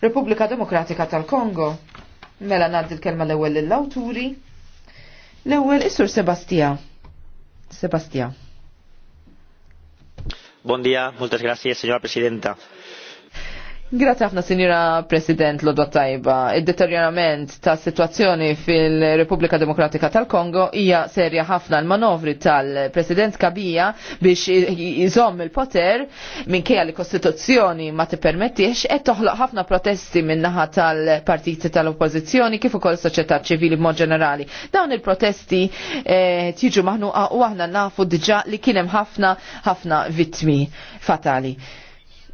Repubblika Demokratika tal-Kongo. Mela naddi l-kelma l-ewel l-awturi. L-ewel Isur Sebastia. Sebastia. Buon dia, moltes gracias, signora Presidenta. Grazie ħafna, Sinjura President Lodwa Tajba. Id-deterjorament ta' situazzjoni fil-Repubblika Demokratika tal-Kongo hija serja ħafna l-manovri tal-President Kabija biex jżomm il-poter minkejja li kostituzzjoni ma tippermettix qed toħloq ħafna protesti minnaħa tal-partiti tal-oppożizzjoni kif ukoll soċjetà ċivili b'mod ġenerali. Dawn il-protesti eh, tiġu maħnuqa u aħna nafu diġà li kien hemm ħafna ħafna vittmi fatali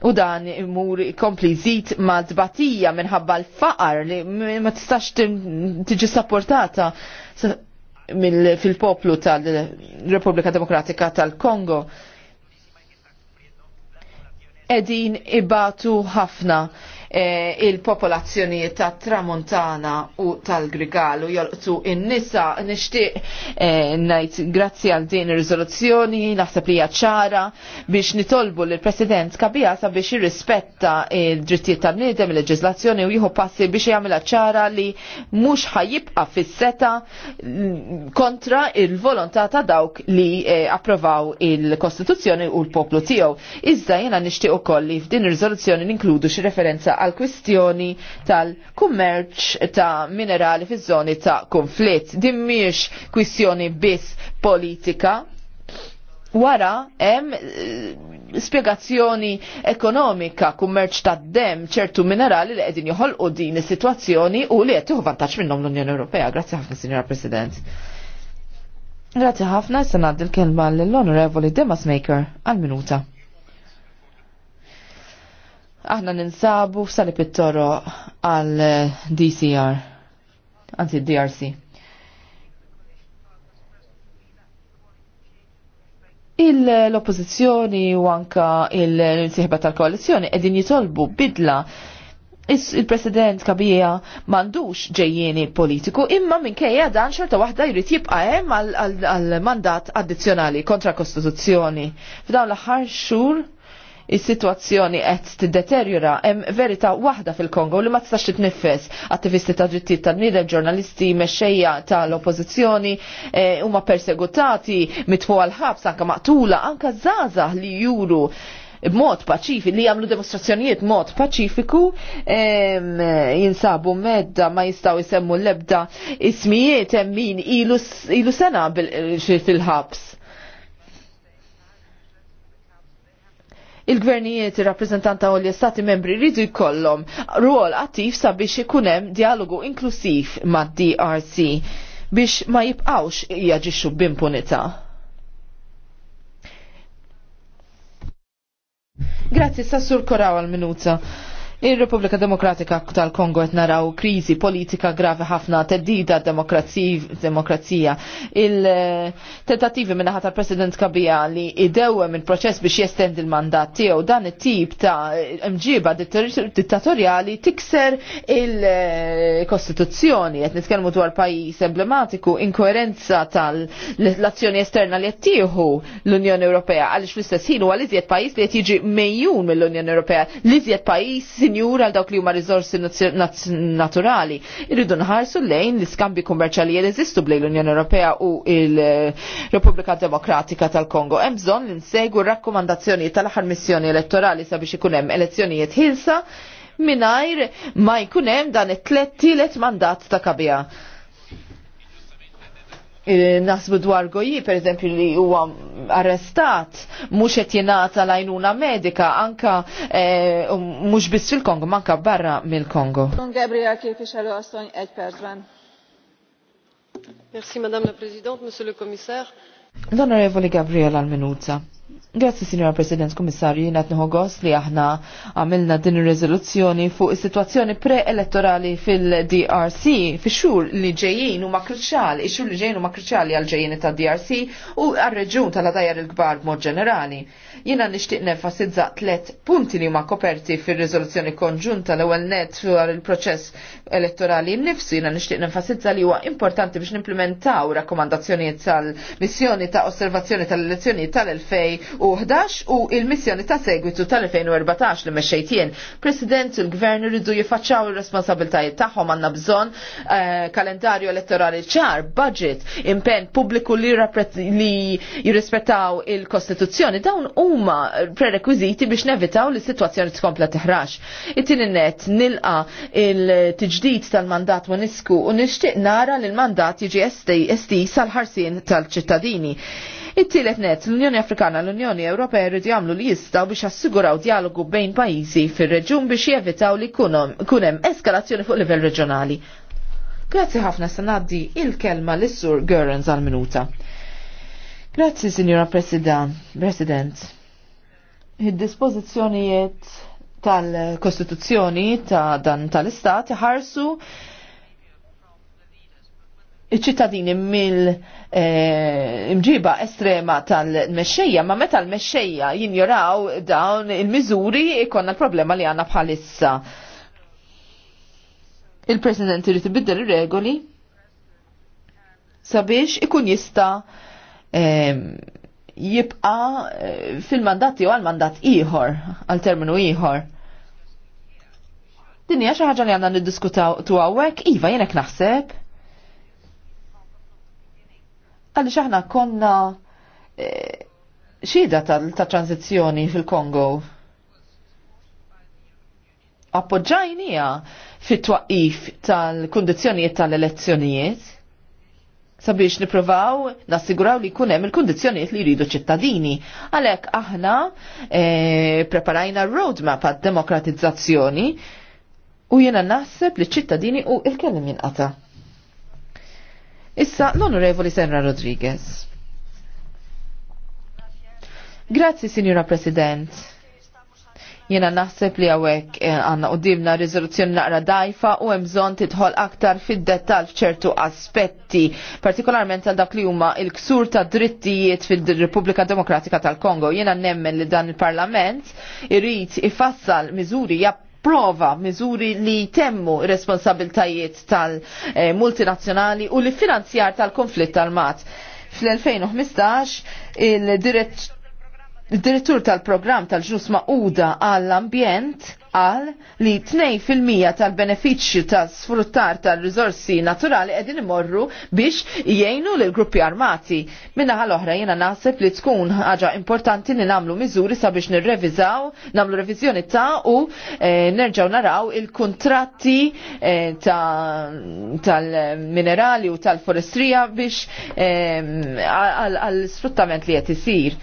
u dan imur kompli zit ma dbatija minħabba l-faqar li ma tistax tiġi sapportata fil-poplu tal-Repubblika Demokratika tal-Kongo. Edin ibatu ħafna Eh, il-popolazzjonijiet ta' tramontana u tal-grigalu jolqtu in-nisa nixtieq e, ngħid grazzi għal din ir-riżoluzzjoni naħseb li hija ċara biex nitolbu lill president Kabija sabiex jirrispetta id drittijiet tan-niedem il-leġiżlazzjoni u jieħu passi biex jagħmilha ċara li mhux ħajjibqa' fis-seta kontra il-volontà ta' dawk li eh, approvaw il-Kostituzzjoni u l-poplu tiegħu. Iżda jiena nixtieq ukoll li f'din ir-riżoluzzjoni ninkludu xi referenza għal kwistjoni tal-kummerċ ta' minerali fi żoni ta' konflitt. Din mhijiex kwistjoni biss politika, wara hemm eh, spiegazzjoni ekonomika, kummerċ ta' dem ċertu minerali li qegħdin joħolqu din is-sitwazzjoni u li qed vantaġġ minnhom l-Unjoni Ewropea. Grazzi ħafna, Sinjora President. Grazzi ħafna, issa ngħaddi l-kelma lill-Onorevoli Demas Maker għal-minuta aħna ninsabu f'sali pittoro għal DCR, anzi DRC. Il-oppozizjoni u anka il-sieħba tal-koalizjoni edin jitolbu bidla il-president kabija mandux ġejjeni politiku imma minkejja dan xorta waħda jrid jibqa' hemm għal mandat addizzjonali kontra kostituzzjoni. F'dawn l-aħħar xhur is-sitwazzjoni qed tiddeterjora hemm verità waħda fil-Kongo li ma tistax titnifes. Attivisti ta' drittijiet tan bniedem ġurnalisti, mexxejja tal-oppożizzjoni e, huma persegutati, mitfu għall ħabs anke maqtula, anke żgħażagħ li juru b'mod paċifi, li jagħmlu demonstrazzjonijiet mod paċifiku, jinsabu medda ma jistgħu jsemmu l-ebda ismijiet hemm min ilu sena fil-ħabs il-gvernijiet, il-rappresentanta u l-istati membri rridu jkollhom ruol attiv sabiex ikun hemm dialogu inklusiv mad-DRC biex ma jibqawx jaġixxu b'impunità. Grazzi, Sassur Koraw għal-minuta. Ir-Repubblika Demokratika tal-Kongo qed naraw kriżi politika gravi ħafna teddida demokrazija. Il-tentativi minnaħat tal-President Kabija li idewhem il-proċess biex jestend il-mandat tiegħu dan it-tip ta' mġiba dittatorjali tikser il-Kostituzzjoni qed nitkellmu dwar pajjiż emblematiku inkoerenza tal-azzjoni esterna li qed tieħu l-Unjoni Ewropea għaliex fl-istess ħin huwa l-iżjed pajjiż li qed jiġi mejjun mill-Unjoni Ewropea, l-iżjed pajjiż sinjur għal dawk li huma riżorsi naturali. Irridu nħarsu lejn l-iskambi kummerċali jeżistu bejn l-Unjoni Ewropea u il-Repubblika Demokratika tal-Kongo. Hemm bżonn li nsegwu r tal-aħħar missjoni elettorali sabiex ikun hemm elezzjonijiet ħilsa mingħajr ma jkun hemm dan it-tlet tielet mandat ta' kabija. Eh, nasbu dwar goji, per eżempju, li huwa arrestat, mhux qed jingħata l-għajnuna medika, anka eh, mhux biss fil-Kongo, manka barra mill-Kongo. Gabriel képviselő asszony, Merci, Madame la Présidente, Monsieur le Commissaire. Almenuzza. Grazzi, Signora President, Komissarju, jina t li aħna għamilna din il-rezoluzzjoni fuq il-situazzjoni pre-elettorali fil-DRC, fi xur li ġejjien u makruċali, xur li ġejjien u makruċali għal-ġejjien ta' DRC u għal-reġun tal-għadajar il-gbar mod ġenerali. Jina nishtiq nefasizza tlet punti li ma koperti fil-rezoluzzjoni konġunta l ewwel net fuq il-proċess elettorali nifsu, jina nishtiq nefasizza li huwa importanti biex nimplementaw rakomandazzjoni tal-missjoni ta' osservazzjoni tal-elezzjoni tal-2000 U 11 u il-missjoni ta' segwitu tal-2014 li mexxejtien. President u l-gvern rridu jiffaċċaw ir-responsabiltajiet tagħhom għandna bżonn eh, kalendarju elettorali ċar, budget, impenn pubbliku li jirrispettaw il-Kostituzzjoni. Dawn huma prerekwiżiti biex nevitaw li situazzjoni tkompla teħrax. It-tieni net nilqa il-tiġdid tal-mandat Monisku u nixtieq nara li l-mandat jiġi esti sal-ħarsien tal-ċittadini. It-tielet net, l-Unjoni Afrikana l-Unjoni Ewropea jridu jagħmlu li jistgħu biex assiguraw dialogu bejn pajjiżi fir reġjun biex jevitaw li kun hemm eskalazzjoni fuq livell reġjonali. Grazzi ħafna se ngħaddi il-kelma l-Sur Görens għal-minuta. Grazzi, sinjora President. President. id dispożizzjonijiet tal-Kostituzzjoni ta' dan tal-Istat ħarsu iċ-ċittadini mill-imġiba eh, estrema tal-mexxejja, ma meta l-mexxejja jinjoraw dawn il-miżuri ikonna l-problema li għanna bħalissa. Il-President irid ibiddel ir-regoli sabiex ikun jista' ehm, jibqa' eh, fil mandat jew għal-mandat ieħor, għal-terminu ieħor. Dinja xaħġa ħaġa li għanna niddiskutaw tu għawek, iva jenek naħseb Għaliex aħna konna eh, xida ta' tranzizjoni fil-Kongo appoġġajnija fit-twaqif tal-kondizjonijiet tal-elezzjonijiet sabiex niprovaw nassiguraw li kunem il-kondizjoniet li jridu ċittadini. Għalek aħna e, preparajna roadmap għad demokratizzazzjoni u jena naħseb li ċittadini u il-kellim jinqata. Issa l-Onorevoli Senra Rodriguez. Grazzi, Signora President. Jena naħseb li għawek eh, għanna u dimna rizoluzzjoni naqra dajfa u emżon titħol aktar fid dettal fċertu aspetti, partikolarment għal dak li huma il-ksur ta' drittijiet fil-Repubblika Demokratika tal-Kongo. Jena nemmen li dan il-Parlament irrit ifassal miżuri prova miżuri li temmu responsabiltajiet tal-multinazzjonali u li finanzjar tal-konflitt tal-mat. Fl-2015 il-direttur il direttur tal-programm tal-ġus maquda għall-ambjent għal li 2% tal-beneficju ta' sfruttar tal-rizorsi naturali edin imorru biex jgħinu l gruppi armati. Minna għal-oħra jena naħseb li tkun ħaġa importanti li namlu miżuri sabiex nirrevizaw, namlu revizjoni ta' u e, eh, nerġaw naraw il-kontratti e, eh, tal-minerali ta u tal-forestrija biex eh, għal-sfruttament e, li jgħet isir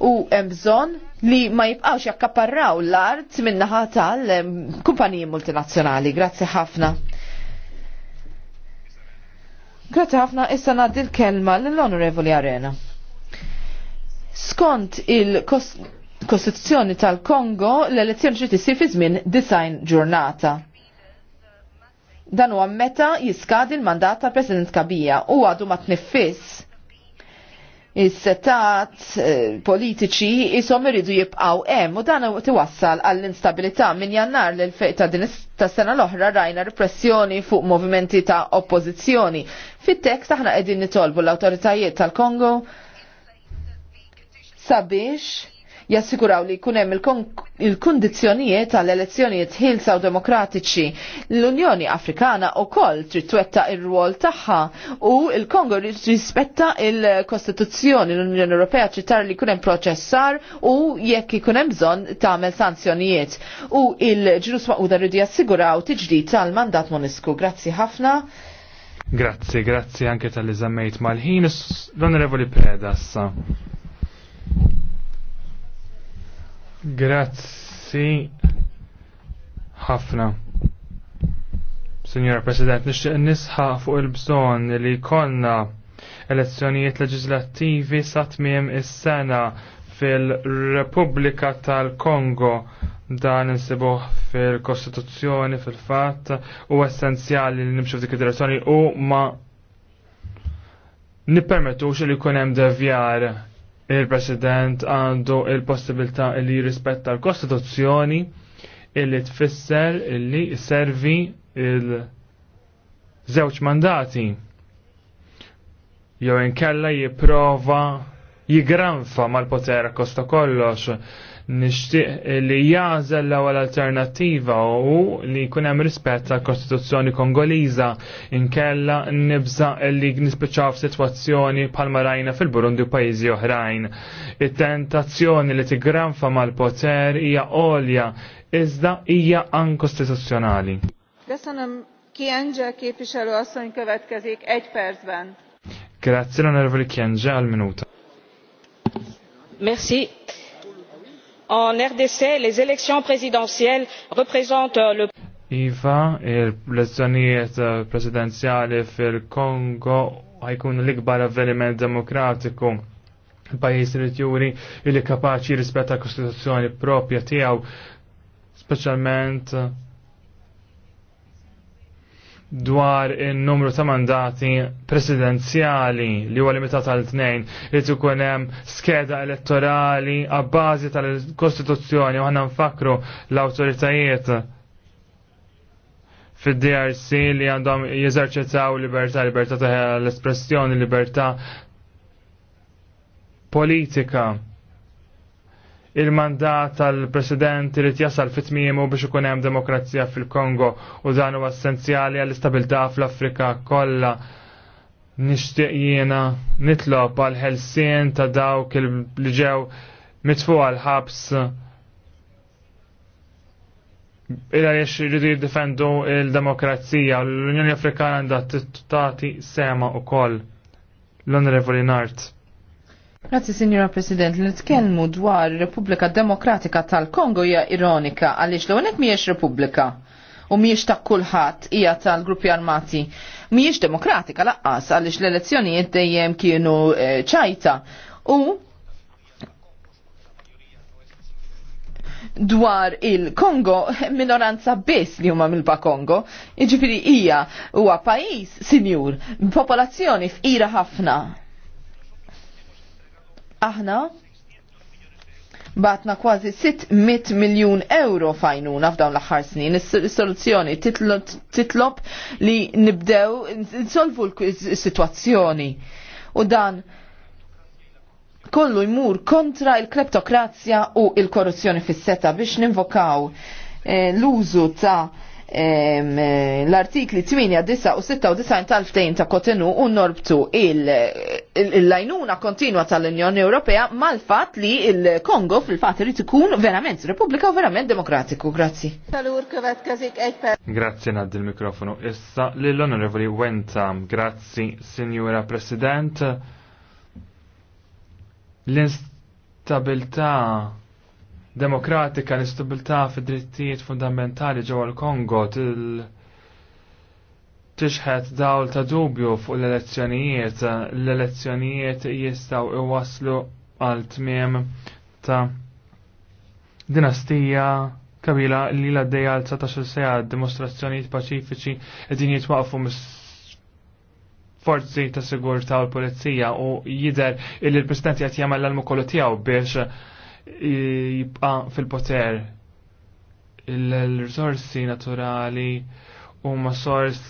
u hemm bżonn li ma jibqawx jakkaparraw l-art minnaħa tal-kumpaniji multinazzjonali. Grazzi ħafna. Grazzi ħafna, issa ngħaddi l-kelma l-Onorevoli Arena. Skont il-Kostituzzjoni tal-Kongo, l-elezzjoni ġiet sifiz fi żmien design ġurnata. Dan huwa meta jiskadi l-mandat tal-President Kabija u għadu ma tniffis is-setat eh, politiċi isom iridu jibqaw hemm u dan tiwassal għall-instabilità minn jannar l ta' din ta' sena l-oħra rajna repressjoni fuq movimenti ta' oppożizzjoni. Fit-tekst aħna qegħdin nitolbu l-awtoritajiet tal-Kongo sabiex jassiguraw li jkun hemm il-kundizzjonijiet tal-elezzjonijiet ħilsa u demokratiċi. L-Unjoni Afrikana wkoll trid twetta il rwol tagħha u l-Kongo rispetta il-Kostituzzjoni l-Unjoni Ewropea ċittar tara li jkun hemm proċessar u jekk ikun hemm bżonn tagħmel sanzjonijiet. U il-ġlus maquda rridu jassiguraw tiġdi tal-mandat Monisku. Grazzi ħafna. Grazzi, grazzi anke tal-li zammejt mal-ħin, l-onorevoli Preda Grazzi ħafna. Signora President, nixtieq nisħa fuq il-bżonn li konna elezzjonijiet leġislattivi sa tmiem is-sena fil-Repubblika tal-Kongo dan insibuh fil-Kostituzzjoni fil-fatt u essenzjali li nimxu f'dik id-direzzjoni u ma nippermettux li jkun hemm devjar il-President għandu il-possibilità li jirrispetta l-Kostituzzjoni illi tfisser illi servi il-żewġ mandati jew inkella jipprova jigranfa mal-poter kosta kollox nixtieq li jażel l-ewwel alternattiva u li jkun hemm rispett għall kostituzzjoni Kongoliża inkella nibża li nispiċċaw f'sitwazzjoni bħalma rajna fil-Burundi u pajjiżi oħrajn. It-tentazzjoni li tigranfa mal-poter hija għolja iżda hija ankostituzzjonali. Köszönöm, Kienge képviselő asszony következik egy percben. Grazie, onorvoli Kienġa, al minuta. En RDC, les élections présidentielles représentent euh, le Iva, il-elezzjonijiet euh, presidenzjali fil-Kongo ħajkun l-ikbar avveniment demokratiku. Il-pajis irid juri li kapaċi rispetta l-Kostituzzjoni propja tiegħu, speċjalment dwar il-numru ta' mandati presidenzjali li huwa limitat għal tnejn li tkun hemm skeda elettorali għabbażi tal-Kostituzzjoni u ħana nfakru l-awtoritajiet fid-DRC li għandhom jeżerċitaw libertà, libertà ta' l-espressjoni, libertà politika il-mandat tal-president irid jasal fit-tmiemu biex ikun hemm demokrazija fil-Kongo u dan huwa essenzjali għall-istabilità fl-Afrika kollha. Nixtieq jiena nitlob għal ħelsien ta' dawk li ġew mitfu għal ħabs Ila jiex jridu jiddefendu il-demokrazija l-Unjoni Afrikana għandha tittati sema u koll l-Onorevoli Nart. Grazzi, Signora President, li nitkellmu dwar Repubblika Demokratika tal-Kongo hija ironika għaliex l hawnhekk miex Repubblika u miex ta' kulħadd hija tal-gruppi armati. Miex demokratika laqqas għaliex l-elezzjonijiet dejjem kienu eh, ċajta. u dwar il-Kongo minoranza biss li huma mill-ba Kongo, jiġifieri hija huwa pajjiż sinjur, popolazzjoni f'ira ħafna Aħna batna kważi 600 miljun euro fajnuna f'dawn l-aħħar snin. Is-soluzzjoni titlob li nibdew insolvu l-sitwazzjoni. U dan kollu jmur kontra il-kleptokrazja u il-korruzzjoni fis-seta biex ninvokaw l-użu ta' Eh, l-artikli 8, 96 tal-ftejn ta' Kotenu u norbtu il-lajnuna kontinua tal-Unjoni Ewropea mal-fat li il-Kongo fil-fat irid ikun verament Repubblika u verament demokratiku. Grazzi. Salur következik Grazzi naddi il-mikrofonu. Issa l-Onorevoli Wentam. Grazzi, Signora President. L-instabilta' demokratika l-istabilta fid-drittijiet fundamentali ġewwa l-Kongo tixħet dawl ta' dubju fuq l-elezzjonijiet, l-elezzjonijiet jistaw iwaslu għal tmiem ta' dinastija kabila li l għaddej għal 19 sejja dimostrazzjonijiet paċifiċi din jitwaqfu mis forzi ta' sigurta u l-polizija u jider il-president jgħat jgħamil l-almu kollu tijaw biex jibqa fil-poter l risorsi naturali huma sors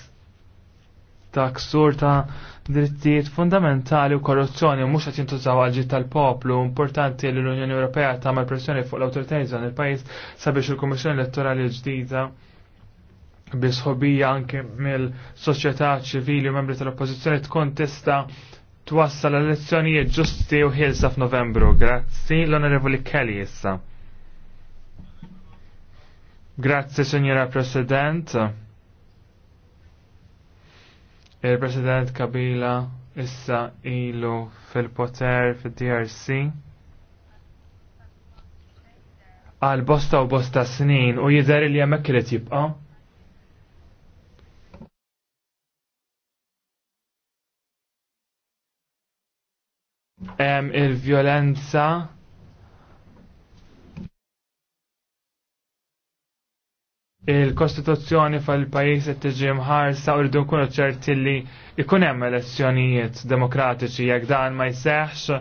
ta' ksur ta' drittijiet fundamentali u korruzzjoni mhux qed jintużaw għal tal-poplu. Importanti li l-Unjoni Ewropea tagħmel pressjoni fuq l-awtoritajiet dan il-pajjiż sabiex il-Kummissjoni Elettorali ġdida bisħobija anke mill-soċjetà ċivili u membri tal-oppożizzjoni tkun tista' twassal elezzjonijiet ġusti u ħilsa f'Novembru. Grazzi l-Onorevoli Kelly issa. Grazzi, Signora President. Il-President Kabila issa ilu fil-poter fil-DRC għal bosta u bosta snin u jidher li jemmek li tibqa' il-violenza il-Kostituzzjoni fil-pajis qed tiġi mħarsa u rridu nkunu ċerti li ikun hemm elezzjonijiet demokratiċi jekk dan ma jseħħx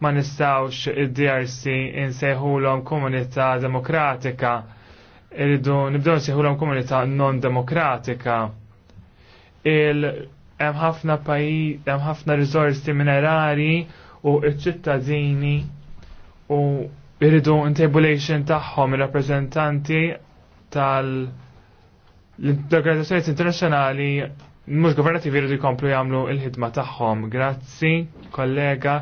ma nistawx id-DRC insejħulhom komunità demokratika irridu nibdew nsejħulhom komunità non demokratika. Il hemm ħafna pajjiż hemm ħafna riżorsi minerari u iċ-ċittadini u iridu intabulation tagħhom ir-rappreżentanti tal-organizzazzjonijiet internazzjonali mhux governativi jridu jkomplu jagħmlu l-ħidma tagħhom. Grazzi, kollega.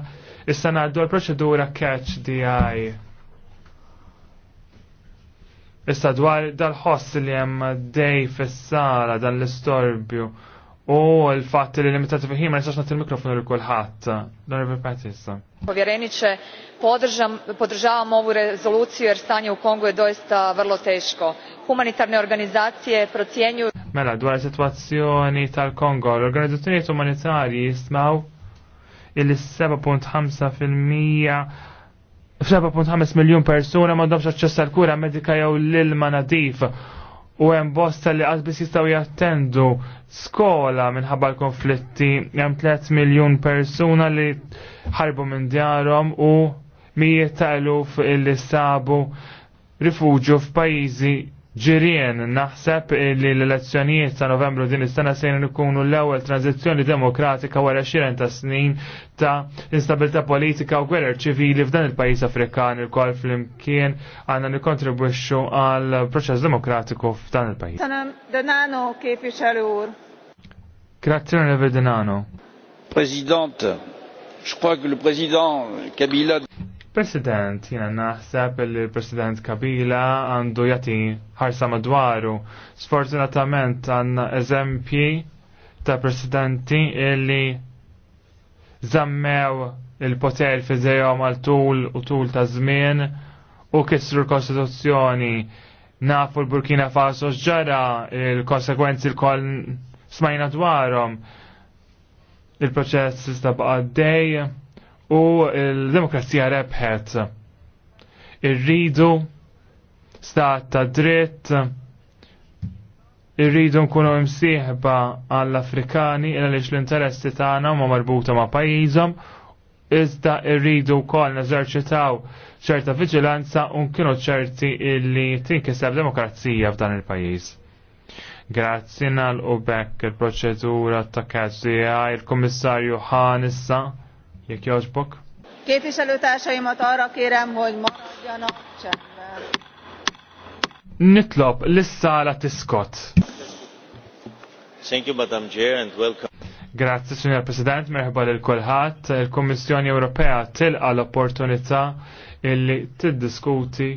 Issa ngħaddu l-proċedura catch DI. Issa dwar dal-ħoss li hemm dej fis-sala dan l-istorbju. U l-fatt li limitati fiħin ma nistax nagħti l-mikrofonu lil kulħadd. Dona Patissa. Povjereniče, podržavam ovu rezoluciju jer stanje u Kongu je doista vrlo teško. Humanitarne organizacije procjenjuju Mela, dwar situazzjoni tal-Kongo, l-organizzazzjonijiet umanitarji jismaw il-7.5% f'7.5 miljon ma domx aċċess għal kura medika jew l-ilma nadif u hemm bosta li qasbis jistgħu jattendu skola minħabba l-konflitti hemm 3 miljun persuna li ħarbu minn djarhom u mijiet ta' eluf illi sabu rifuġju f'pajjiżi ġirien naħseb li l-elezzjonijiet ta' novembru din is-sena sejn ikunu l-ewwel tranzizzjoni demokratika wara xiren ta' snin ta' instabilità politika u gwerer ċivili f'dan il-pajjiż Afrikan il-kol flimkien għandna nikkontribwixxu għal proċess demokratiku f'dan il-pajjiż. Denano kif ixalur. President, je crois que le président Kabila President, jina naħseb il l-President Kabila għandu jati ħarsa madwaru. Sfortunatament għanna eżempji ta' presidenti illi zammew il-poter fi zejom għal tul u tul ta' żmien u kisru l-Kostituzzjoni. Nafu l-Burkina Faso ġara il-konsekwenzi l koll smajna dwarom. Il-proċess sta' baqaddej. dej u l-demokrazija rebħet. Irridu stat ta' dritt, irridu nkunu imsieħba għall-Afrikani il għaliex l-interessi tagħna huma marbuta ma' pajjiżhom, iżda irridu wkoll neżerċitaw ċerta viġilanza u nkunu ċerti illi tinkiseb demokrazija f'dan il-pajjiż. Grazzi nal u bekk il-proċedura ta' kazzi il-Kommissarju ħan issa Jek jazbok? Képviselőtársaimat arra kérem, hogy maradjanak csendben. Nitlop, l-sala tiskot. Thank you, Madam Chair, and welcome. Grazie, Signor Presidente, merħba l kolħat Il-Kommissjoni Ewropea tilqa l-opportunità illi tiddiskuti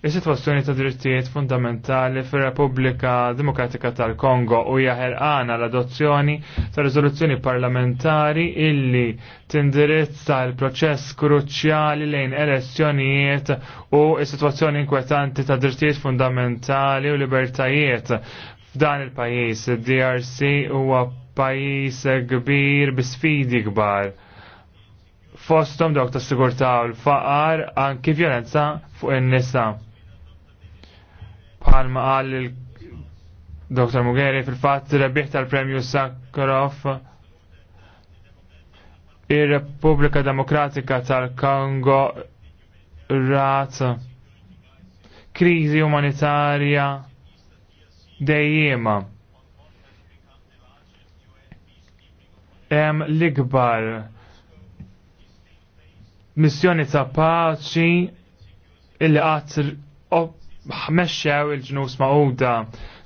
Is-sitwazzjoni ta' drittijiet fundamentali fir-Repubblika Demokratika tal-Kongo u għana l-adozzjoni ta' Rizoluzzjoni parlamentari illi tindirizza l-proċess kruċjali lejn elezzjonijiet u is-sitwazzjoni inkwetanti ta' drittijiet fundamentali u libertajiet f'dan il-pajjiż. drc huwa pajjiż kbir bi sfidi kbar fostom dok ta' sigurta l-faqar anki violenza fuq in-nisa palma għal il-Dr. Mugheri fil-fat rebbieħ tal-Premju Sakharov il repubblika Demokratika tal-Kongo rat krizi umanitarja dejjema. Hemm l-ikbar missjoni ta' paċi illi qatt ħmexxew il-ġnus maquda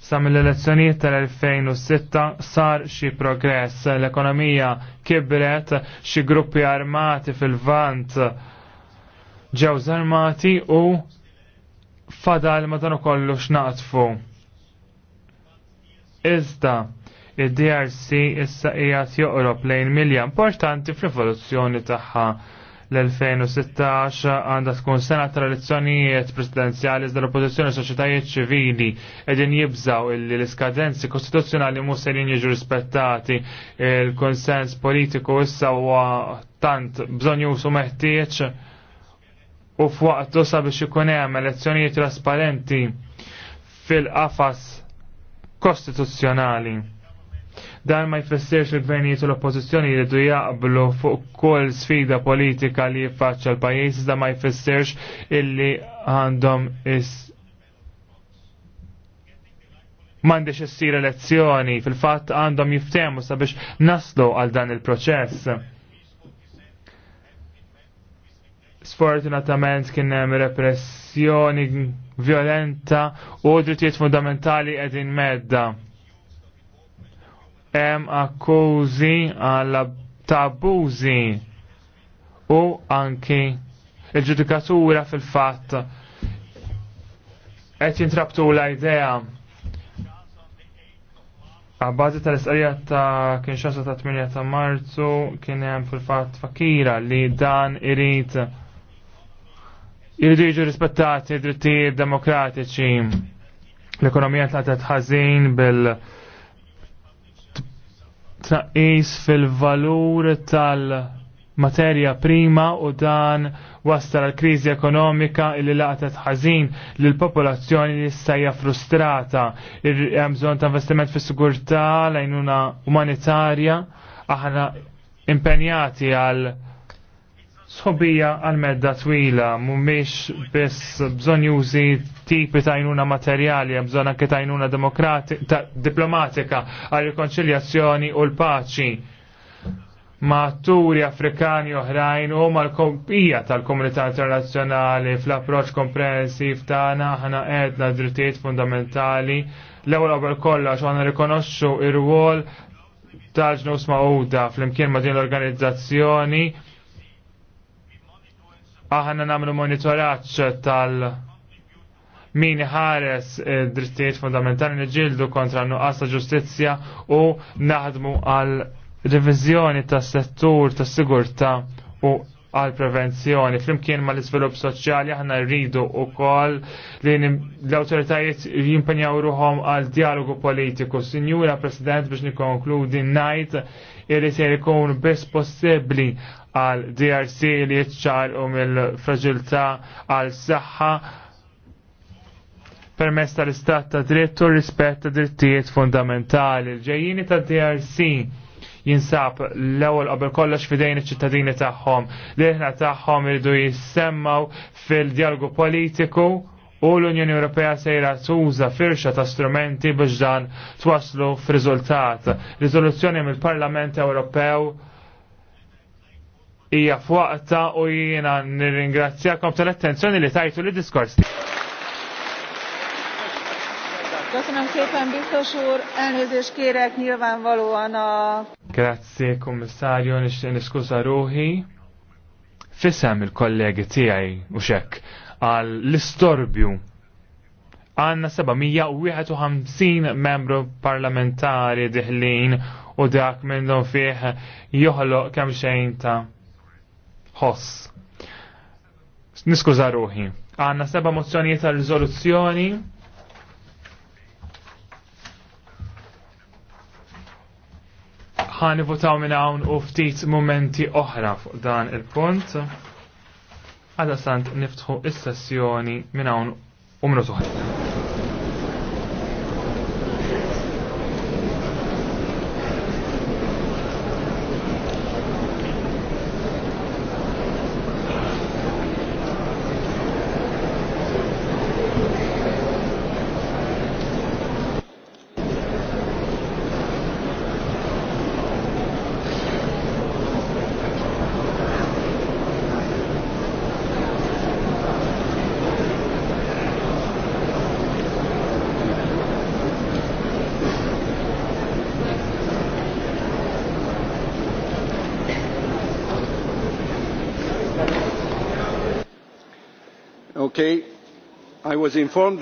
sa mill-elezzjonijiet tal-2006 sar xi progress, l-ekonomija kibret, xi gruppi armati fil-vant ġew armati u fadal ma dan ukollu x'naqtfu. Iżda, id-DRC issa qiegħed joqrob lejn milja importanti fl-evoluzzjoni tagħha l-2016 għandha tkun sena tra elezzjonijiet presidenzjali iżda l-oppożizzjoni soċjetajiet ċivili qegħdin jibżaw li l-iskadenzi kostituzzjonali mhux se jiġu rispettati il-konsens politiku issa huwa tant bżonn jusu meħtieġ u f'waqtu sabiex ikun hemm elezzjonijiet trasparenti fil-qafas kostituzzjonali. Dan ma jfessirx il-gvernijiet u l-oppozizjoni jridu jaqblu fuq kull sfida politika li jiffaċċa l-pajjiż, da ma jfessirx illi għandhom is mandiċ issir elezzjoni, fil-fatt għandhom jiftemu sabiex naslu għal dan il-proċess. Sfortunatament kien hemm repressjoni violenta u drittijiet fundamentali qegħdin medda hemm akkużi għal tabużi u anki il-ġudikatura fil-fatt qed jintrabtu l-idea Għabbażi tal isqajja ta' kien xasa ta' 8 ta' marzu kien hemm fil-fatt fakira li dan irid irridu jiġu rispettati drittijiet demokratiċi. L-ekonomija tlatet ħażin bil- tnaqqis fil-valur tal-materja prima u dan wasta l kriżi ekonomika illi laqtet ħażin li l-popolazzjoni li stajja frustrata. Hemm bżonn ta' investiment fis-sigurtà, l-għajnuna umanitarja, aħna impenjati għal Sħobija għal-medda twila mumiex biss bżon jużi tipi tajnuna materjali, bżon anke tajnuna ta diplomatika għal rikonċiljazzjoni u l-paċi ma' turi afrikani oħrajn u ma' l-kompija tal-komunità internazzjonali fl-approċ komprensiv tagħna aħna edna drittijiet fundamentali l-ewwel qabel kollox għandna rikonoxxu ir wol tal-ġnus ma'uda fl-imkien ma' din l-organizzazzjoni Aħna namlu monitoraċ tal- min ħares eh, drittijiet fundamentali nġildu kontra nuqqas ta' ġustizzja u naħdmu għal revizjoni ta' settur ta' sigurta u għal prevenzjoni. Flimkien ma l-izvilup soċjali aħna rridu u kol li l-autoritajiet jimpenjaw ruħom għal dialogu politiku. Sinjura President biex nikonkludi najt irri se jkun bes possibli għal DRC li jitċar u mill-fragilta għal saħħa permess tal-istat ta' dritt u rispett ta' drittijiet fundamentali. Il-ġejjini ta' DRC jinsab l-ewwel qabel kollox fidejn iċ-ċittadini tagħhom. liħna tagħhom irdu jissemmaw fil-dialogu politiku u l-Unjoni Ewropea sejra tuża firxa ta' strumenti biex dan twaslu f'riżultat. Riżoluzzjoni mill-Parlament Ewropew hija f'waqta u jiena nirringrazzjakom tal-attenzjoni li tajtu li diskors. Köszönöm szépen, biztos úr. Elnézést kérek nyilvánvalóan a Grazzi kummissarju niskuża ruħi. Fisem il-kollegi tiegħi u xekk għal l-istorbju għanna 751 membru parlamentari diħlin u dak minnhom fih joħlo kemm xejn ta' ħoss. Niskuża ruħi. Għanna seba mozzjonijiet ta' riżoluzzjoni ħan votaw minn hawn u ftit momenti oħra fuq dan il-punt. Għada sant niftħu is-sessjoni minn hawn u minn okay. I was informed